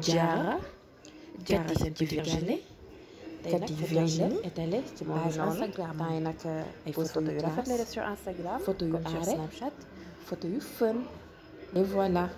Diarra Diarra seen ci Virginie Cathy Virginie est allée ci page Instagram temps yi nag euh, ay photo yu rafet la def sur Instagram photo yu aare Snapchat photo yu fun et voilà